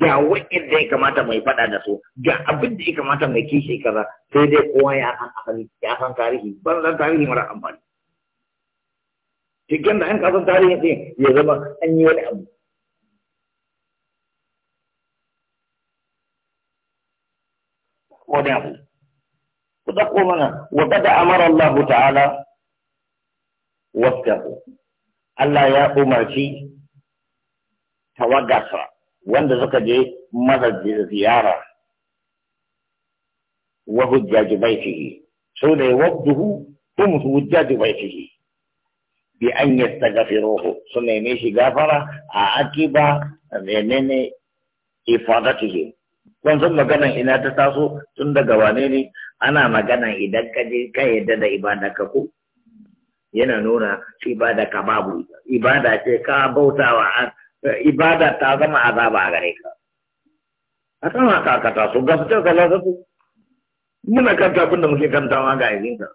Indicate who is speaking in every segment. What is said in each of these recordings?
Speaker 1: ga wa'in da ya kamata mai faɗa da su ga abin da ya kamata mai kishi kaza sai dai kowa ya san asali ya san tarihi ban san tarihi mara amfani cikin da an kasan tarihi ne ya zama an yi wani abu wani abu ku dauko mana wa kada amara Allah ta'ala wasu Allah ya umarci tawagasa wanda suka je masa ziyara wa hujjaji baitihi su ne wabduhu hum hujjaji baitihi bi an yastaghfiruhu su neme shi gafara a akiba menene ifadatihi kun san maganan ina ta taso tun daga wane ne ana magana idan ka je ka yadda da ibada ka ko yana nuna ibada ka babu ibada ce ka bautawa ibada ta zama azaba a gare ka a kan haka ka taso ga fitar ka za su muna kan abin da muke kantawa ga yanzu ka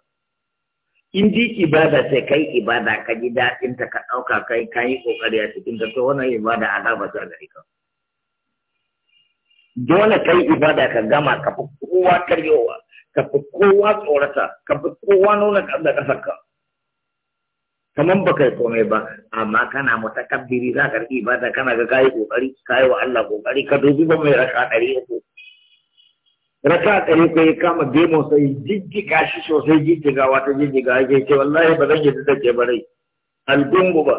Speaker 1: in ji ibada sai kai ibada ka ji daɗin ta ka ɗauka kai ka yi ƙoƙari a cikin ta to wannan ibada azaba ta gare ka dole kai ibada ka gama ka fi kowa karyowa ka fi kowa tsorata ka fi kowa nuna da ƙasar ka kaman baka yi komai ba amma kana mutakabbiri za ka ibada kana ga kayi kokari kayi wa Allah kokari ka dubi ba mai raka ɗari uku raka ɗari ko ya kama demo sai jijjiga shi sosai jijjiga wata jijjiga ya ce wallahi ba zan yi da ke bare algungu ba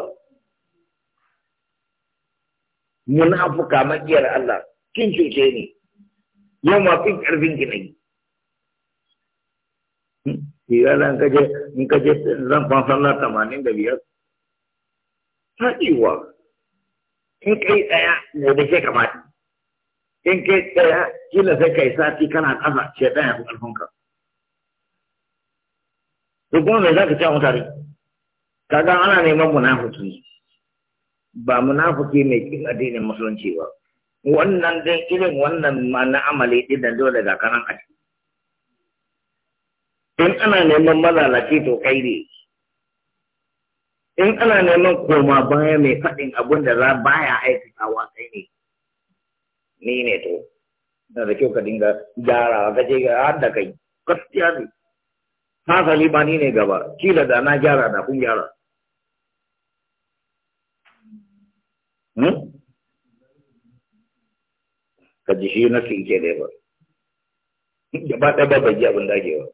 Speaker 1: munafuka makiyar Allah kin cuce ni yamma fin ƙarfin ki ne Hirana in kaje in kaje zan kwan na tamanin da biyar. Haɗewa. In kai ɗaya ne da ke kamata. In kai ɗaya kila sai kai sati kana ƙasa ce ɗaya fi ƙarfinka. To kuma me za ka ce mutane? Kaga ana neman munafiki. Ba munafiki mai kin addinin musulunci ba. Wannan dai irin wannan ma na amali ɗin da dole daga kanan a ciki. in ana neman malalaci to kai ne in ana neman koma baya mai faɗin abin da za baya aikatawa kai ne ni ne to na da kyau ka dinga gyara ka ce har da kai gaskiya ne hasali ba ni ne gaba kila da na gyara da kun gyara hmm? ka ji shi na su ike da ba ɗaya ba bai ji abin dagewa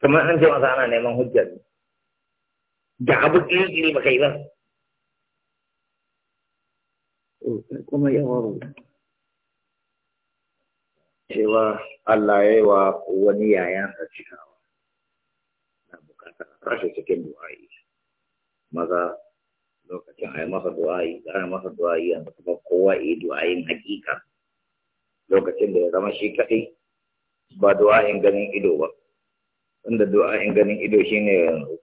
Speaker 1: kamar an ce masa ana neman hujjar da abu kiri-kiri ba kai ba kuma yawa cewa Allah ya yi wa wani yayansa cikawa na bukata rashe cikin du'a'i maza lokacin ayi masa du'a'i da a masa du'a'i yanzu kuma kowa yi du'a'in hakika lokacin da ya zama shi kaɗai ba du'a'in ganin ido ba du'a du'a'in ganin ido shine yanzu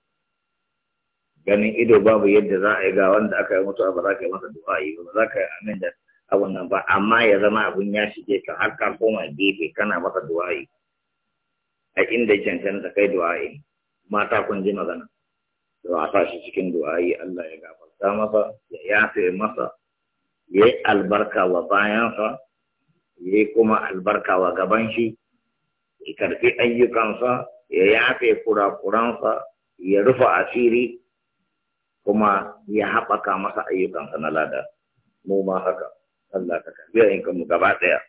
Speaker 1: ganin ido babu yadda za a yi ga wanda aka yi mutuwa ba za ka yi masa du'a'i ba za ka yi amin da abun nan ba amma ya zama abun ya shige ka har ka koma gefe kana masa du'a'i a inda da kai du'a'i mata kun ji magana to a sa shi cikin du'a'i Allah ya gafarta masa ya yafe masa ya yi albarka wa bayansa ya yi kuma albarka wa gaban shi ya karfi ayyukansa ya yafe kurakuransa ya rufe asiri kuma ya haɓaka masa ayyukansa na lada mu ma haka Allah ka karbiya in mu gaba ɗaya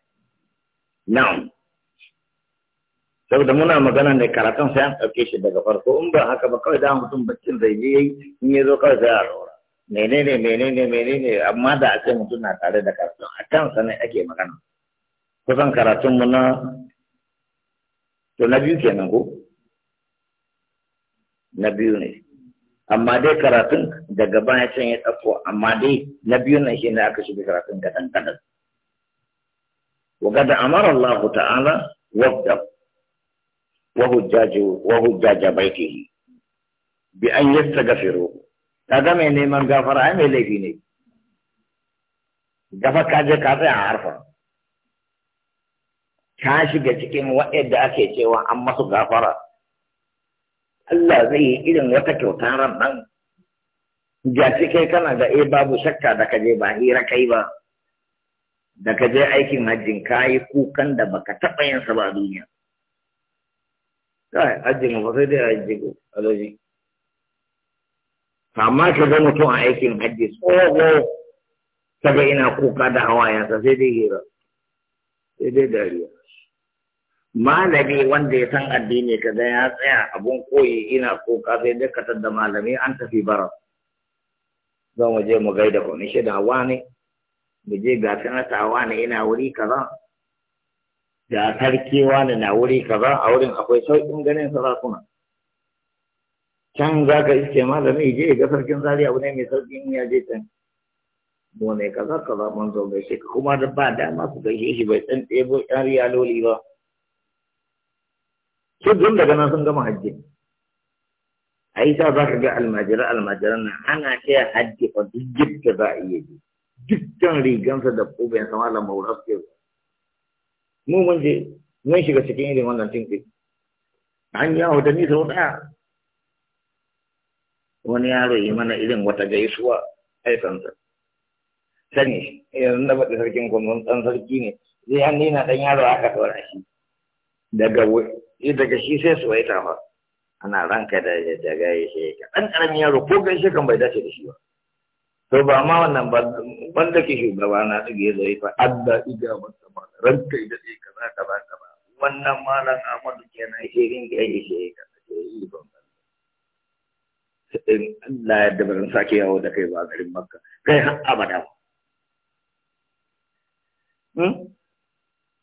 Speaker 1: na'am saboda muna magana ne karatun sai an ɗauke shi daga farko in ba haka ba kawai da mutum baccin zai je yayi in ya zo kawai sai a rora menene menene menene amma da ake mutum na tare da karatun a kansa ne ake magana kusan karatun mu na to na biyu kenan ko na biyu ne amma dai karatun daga baya can ya ɗauko amma dai na biyu ne shi ne aka shiga karatun gadan gadan wa gada amara Allah ta'ala wadda wa hujjaju bai hujjaja baitihi bi an yastaghfiru kaga mai neman gafara ai mai laifi ne gafa ka je ka tsaya a harfa ka shiga cikin waɗanda ake cewa an masu gafara Allah zai yi irin wata kyauta ran nan ga shi kai kana da e eh, babu shakka da kaje ba hira kai ba da kaje aikin hajjin kayi kukan da baka taɓa yin sa ba a duniya kai hajjin ba sai dai hajji ko alaji amma ka ga mutum a aikin hajji tsoho ga ina kuka da hawayensa sai dai hira sai dai dariya malami wanda ya san addini da ya tsaya abun koyi ina ka sai dai ka da malami an tafi bara za mu je mu gaida da wani mu je ga sanata wani ina wuri kaza da sarki wani na wuri kaza a wurin akwai sauƙin ganin sarakuna can za ka iske malami je ga sarkin zari abu ne mai sauƙin ya je can mu ne kaza kaza mun zo gaishe kuma da ba dama su gaishe shi bai san ɗebo ɗan riyaloli ba su dun daga nan sun gama hajji a yi ta za ka ga almajira almajiran nan ana kai hajji a duk gifta za a iya ji dukkan rigansa da ƙuben sama da maura su mu mun je mun shiga cikin irin wannan tinki an yi watanni sau ɗaya wani yaro yi mana irin wata gaisuwa aikansa sani yanzu na faɗi sarkin kwamfan sarki ne zai hannu yana ɗan yaro aka ɗora shi daga yi eh, daga shi sai su waita fa ana ranka da daga ya shi ka ɗan ƙaramin yaro ko gaishe kan bai dace da shi ba to ba ma wannan ba wanda ke shugaba na tsige zai fa adda iga ta ba ranka da sai kaza kaza kaza wannan malam Ahmadu kenan shi rin da yake shi ka yi ba in Allah ya dabarin sake yawo da kai ba garin Makka kai har abada hmm?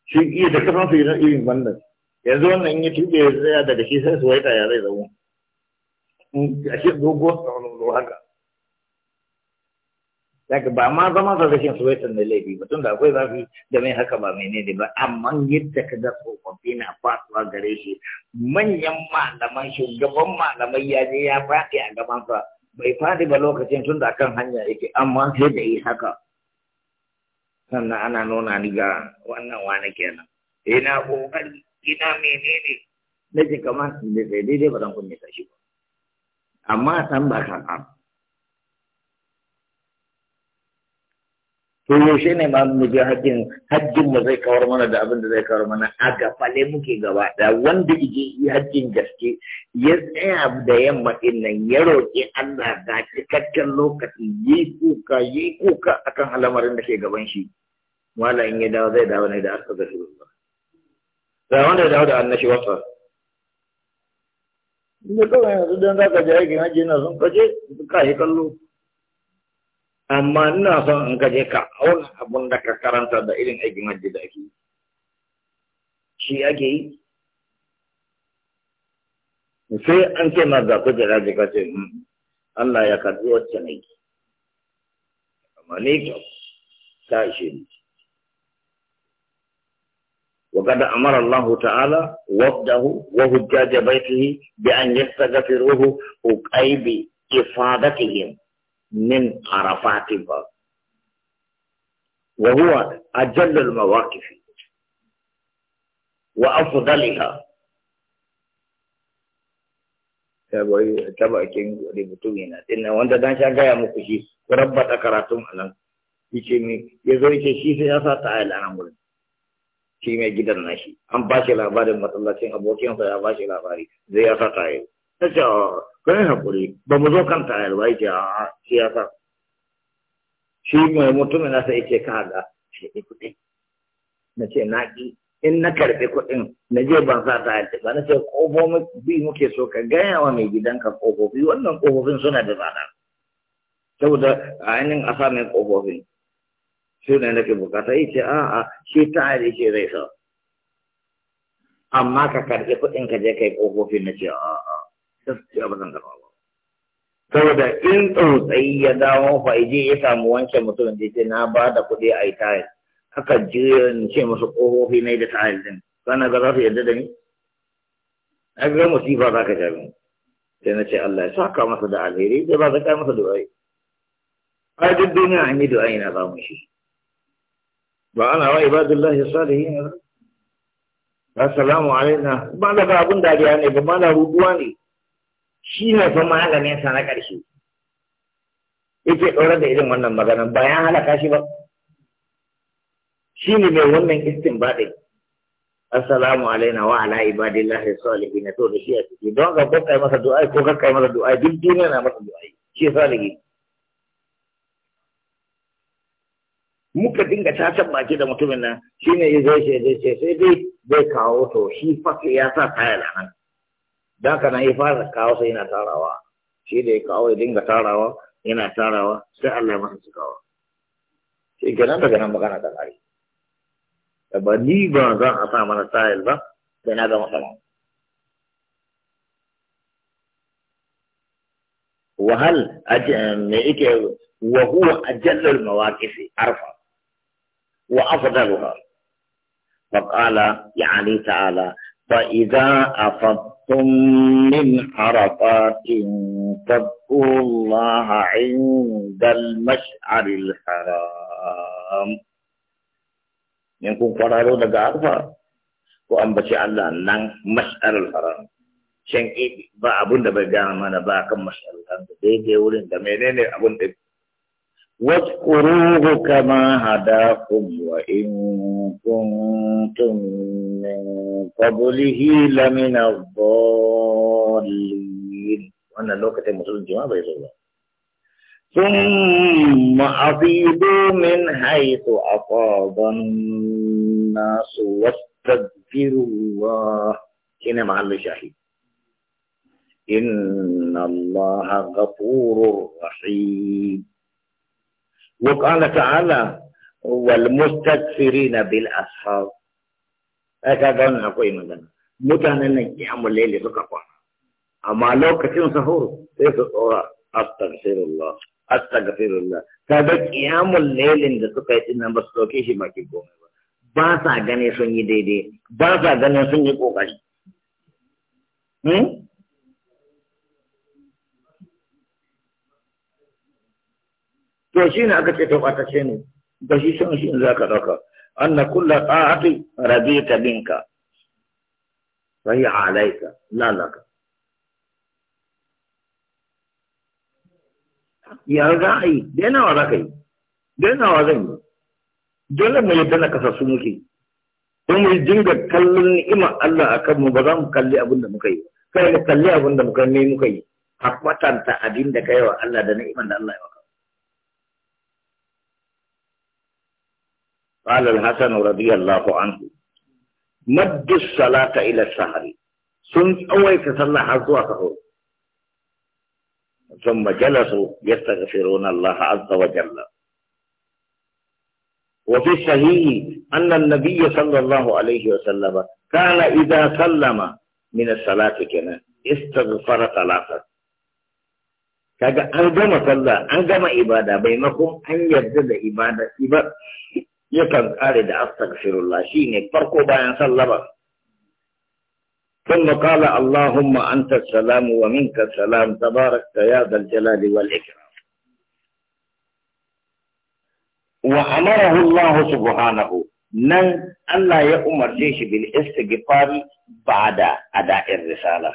Speaker 1: shi iya da kasan su irin wannan yanzu wannan ya tuɓe ya tsaya daga shi sai su waita ya zai zama a shi wani tsawon haka daga ba ma zama sa rashin waita na laifi ba da akwai zafi da mai haka ba menene ba amma yadda ka ga tsofaffi na fasuwa gare shi manyan malaman shugaban malamai ya je ya faɗi a gabansa bai faɗi ba lokacin tun da kan hanya yake amma sai da yi haka sannan ana nuna ni ga wannan wane kenan ina eh, kokari ina menene na ji kamar daidai daidai ba zan kunne ta shi ba amma san ba kan an to yaushe ne ma mu ji hajjin hajjin mu zai kawar mana da abin da zai kawar mana a gafale muke gaba da wanda ije yi hajjin gaske ya tsaya da yamma din nan ya roƙi Allah da cikakken lokaci yi kuka yi kuka akan al'amarin da ke gaban shi wala in ya dawo zai dawo ne da ba. da wanda ya dawo da annashi wasa inda kawai yanzu don za ka je aikin hajji na son kaje ka yi kallo amma ina son in kaje ka auna abun da ka karanta da irin aikin hajji da ake yi shi ake yi sai an ce ma za ku jira jika ce hmm, Allah ya karbi wacce na yi amma ne ka ishe ni وقد أمر الله تعالى وفده وهجاج بيته بأن يستغفروه أي بإفادتهم من عرفات الباب وهو أجل المواقف وأفضلها tabakin da mutum yana dinnan wanda dan sha gaya muku shi ku rabbata karatun anan yace me yazo yace shi sai ya sa ta ayi anan gurin shi mai gidan nashi an ba shi labarin matsalacin abokinsa ya ba shi labari zai ya sa tayar ta ce ah, kai haƙuri ba mu zo kan tayar ba yake a siyasa shi mai mutumin nasa yake ka ga shi kuɗi na ce na ƙi in na karɓi kuɗin na je ban sa tayar ba na ce ƙofofi bi muke so ka gaya wa mai gidanka ƙofofi wannan ƙofofin suna da tsada saboda a ainihin a sa mai ƙofofin su ne nake bukata yi ce a a shi ta hari ce zai sa amma ka karɓi kuɗin ka je kai ƙofofi na ce a a gaskiya ba zan karɓa ba saboda in tsautsayi ya dawo fa je ya samu wancan mutumin da ce na ba da kuɗi a yi tayar aka juya in ce musu ƙofofi na da tayar din sannan ga za su yarda da ni a ga musifa za ka jami sai na ce Allah ya saka masa da alheri sai ba ta zaka masa du'ai ai duk duniya an yi du'ai na samun shi ba ana wa ibadullahi salihin assalamu alaina ba da ba abun dariya ne ba mala rubuwa ne shi ne fa malamin sa na karshe. yake ɗaure da irin wannan Ba bayan halaka shi ba shi ne mai wannan ɗai assalamu alaina wa ala ibadillahi salihin to da shi a ciki don ka ko kai masa du'ai ko ka kai masa du'ai duk duniya na masa du'ai shi salihin muka dinga tatan baki da mutumin nan shine ya zai shi ce sai dai zai kawo to shi fake ya sa kaya da hannu da kana ya fara kawo sai yana tarawa shi da ya kawo ya dinga tarawa yana tarawa sai Allah ya masa cikawa sai kenan daga nan magana ta kare da ba ni ba zan a sa mana tayil ba sai na ga matsala wahal me yake wa huwa ajallul mawaqifi arfa وأفضلها فقال يعني تعالى فإذا أفضتم من عرفات فاذكروا الله عند المشعر الحرام يكون قرارو دقا عرفة وأنبشي الله نان مشعر الحرام shan ba abun da bai gaya mana ba kan mashalar da daidai wurin da menene abun da واذكروه كما هداكم وإن كنتم من قبله لمن الضالين وأنا لوكة مسلم جماعة الله ثم أفيدوا من حيث أفاض الناس واستغفروا الله هنا محل الشاهد إن الله غفور رحيم
Speaker 2: وقال تعالى
Speaker 1: والمستكثرين بالأسحار هكذا أنا أقول مثلا mutanen nan kiyamun laili suka kwana amma lokacin sahur sai su tsora astaghfirullah astaghfirullah kaga kiyamun lailin da suka yi dinnan ba su dauke shi baki goma ba ba sa gane sun yi daidai ba sa gane sun yi kokari hmm? to shi ne aka ce to ɓatacce ne da shi san shi in za ka ɗauka anna kulla ta'ati rabita binka fa hiya alayka la laka ya za a yi denawa za ka yi denawa zan yi dole mu yadda na kasa su muke don mu dinga kallon ni'imar Allah a kanmu ba za mu kalli abin da muka yi kai mu kalli abin da muka ne muka yi a kwatanta abin da kai wa Allah da ni'imar da Allah ya قال الحسن رضي الله عنه مد الصلاة إلى السهر سن أوي تصلى حظوة ثم جلسوا يستغفرون الله عز وجل وفي الصحيح أن النبي صلى الله عليه وسلم كان إذا سلم من الصلاة كنا استغفر ثلاثة كذا أنجم صلى أنجم إبادة بينكم أن maimakon إبادة إبادة yakan ƙare da aftaka shine farko bayan sallaba. Tun da kala Allahuma an ta salamu wa minka salam ta fara kaya, darjala, wal eke Wa amma rahul nahu nan Allah ya umarce shi bin istagfami ba da adarin risala.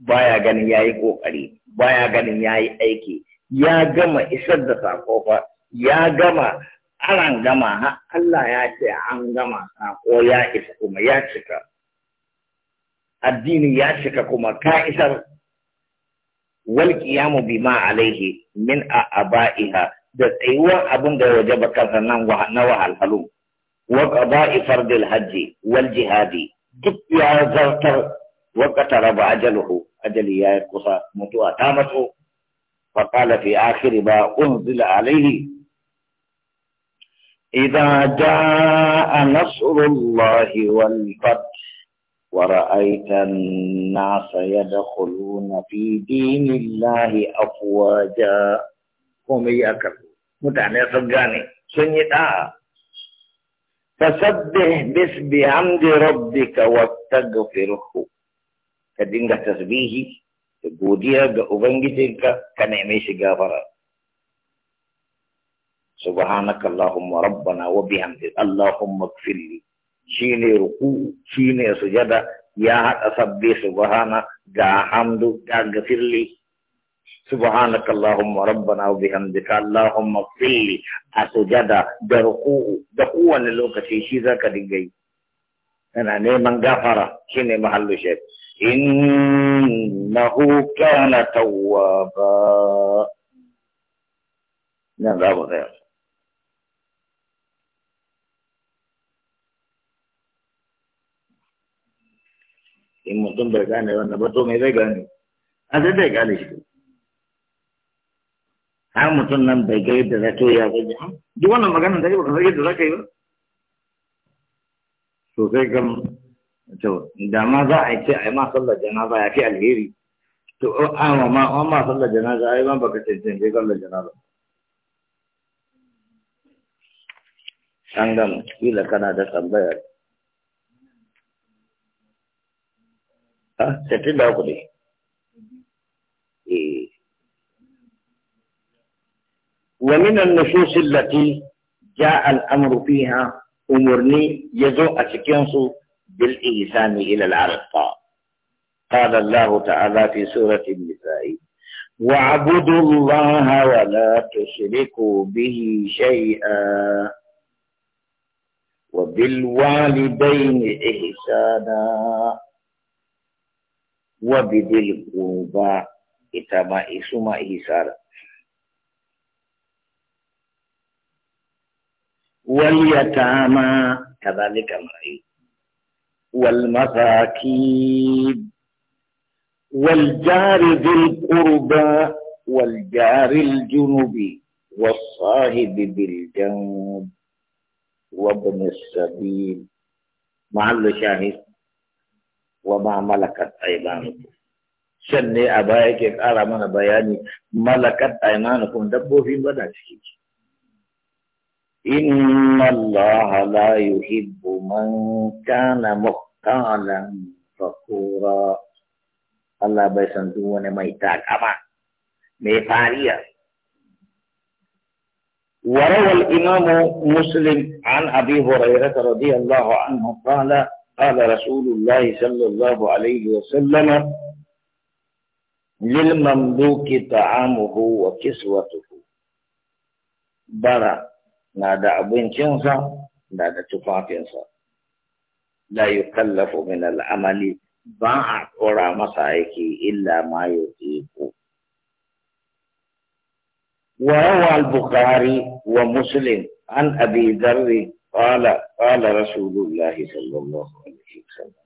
Speaker 1: baya ganin yayi yi ƙoƙari, ba ganin yayi aiki, ya gama isar da saƙofa ya gama. an gama ha Allah ya ce an gama ko ya isa kuma ya cika addini ya cika kuma ka isar wal qiyamu bima alaihi min abaiha da tsayuwar abin da ya wajaba kansa nan na wahalhalu wa qada'i fardil hajji wal jihadi duk ya zartar wa qataraba ajaluhu ajali ya kusa mutuwa ta matso fa qala fi akhir ba unzila alaihi إذا جاء نصر الله والفتح ورأيت الناس يدخلون في دين الله أفواجا هم يأكل متعني صدقاني سنية آه فسبح بس بحمد ربك واستغفره كدينك تسبيحي godiya ga Ubangijinka ka neme سبحانك اللهم ربنا وبحمدك اللهم اغفر لي شيني ركوع شيني سجدة يا هات أسبي سبحانك جا حمد جا غفر لي سبحانك اللهم ربنا وبحمدك اللهم اغفر لي أسجدة دا ركوع دا قوة لوكتي شي ذاك دي أنا نيمان غفرة شيني محل شيء إنه كان توابا نعم لا in mutum bai gane wannan ba to me zai gane a zai zai gane shi har mutum nan bai ga yadda za ta yi ya zai duk wannan maganar da ba ka san yadda za yi ba to sai kam to da ma za a ce a yi ma sallar janaza ya fi alheri to an ma an ma sallar janaza ai ma baka cancanci sallar janaza an gama kila kana da tambayar ha sittin إيه. ومن النصوص التي جاء الأمر فيها أمرني يزوء أسكنسو بالإحسان إلى العرق قال الله تعالى في سورة النساء واعبدوا الله ولا تشركوا به شيئا وبالوالدين إحسانا وبذي القربى إتما إسما إيسار واليتامى كذلك الرأي والمساكين والجار ذي القربى والجار الجنوب والصاحب بالجنب وابن السبيل مع الشاهد وما ملكت أيمانكم شن أبايك على من بياني ملكت أيمانكم دبو في بدنك إن الله لا يحب من كان مختالا فخورا الله بيسن دون ما يتاك أما ميفاريا وروى الإمام مسلم عن أبي هريرة رضي الله عنه قال قال رسول الله صلى الله عليه وسلم للمملوك طعامه وكسوته برا نادى أبو إنشنسا نادى تفاقنسا لا يكلف من العمل بعد قرى مسائك إلا ما يطيق
Speaker 2: وروى البخاري
Speaker 1: ومسلم عن أبي ذر قال قال رسول الله صلى الله عليه وسلم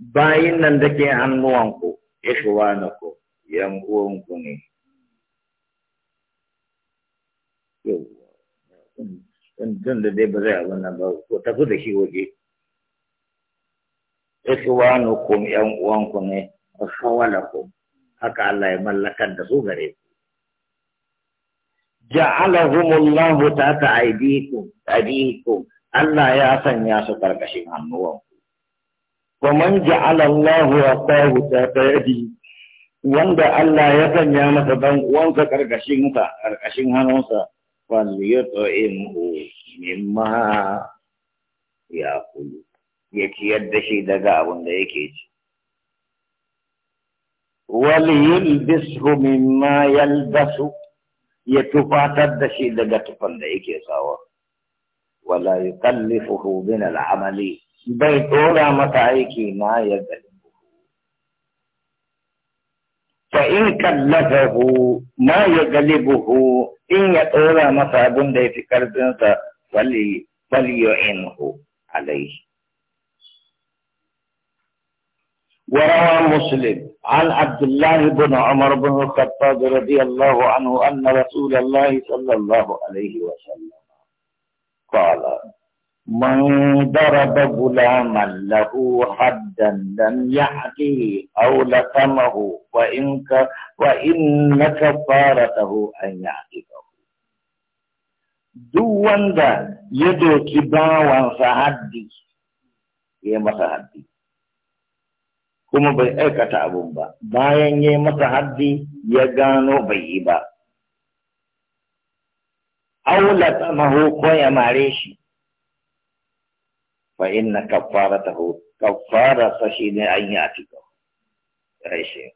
Speaker 1: bayin nan da ke hannuwanku ikhwanaku yan uwanku ne tun da dai ba zai abin nan ba ko tafi da shi waje ikhwanukum yan uwanku ne khawalakum haka Allah ya mallakar da su gare ku ja'alahumullahu ta aidikum aidikum Allah ya sanya su karkashin hannuwan wa man ja'ala Allahu asahu ta'ata yadi wanda Allah ya sanya masa dan uwansa karkashin sa karkashin hannunsa waliyatu yut'imhu mimma ya kulu ya ciyar da shi daga abin da yake ci waliyul bisru mimma yalbasu ya tufatar da shi daga tufan da yake sawa wala yukallifuhu min amali. bai dora masa aiki na ya galibu fa in kallafahu ma ya galibuhu in ya dora masa abin da ya fi sa fali fali yu'inhu alaihi وروى مسلم عن عبد الله بن عمر بن الخطاب رضي الله عنه أن رسول الله صلى الله عليه وسلم قال من ضرب غلاما له حدا لم يحكه أو لقمه وإن, ك... وإن كفارته أن يعتقه duk wanda يدو كباوان bawansa يا ya masa kuma bai aikata abun ba bayan yayi masa haddi ya gano bai yi ba
Speaker 2: aula tsamahu ko ya
Speaker 1: mare shi fa inna kaffaratahu kafara sashi ne an yi atika rashin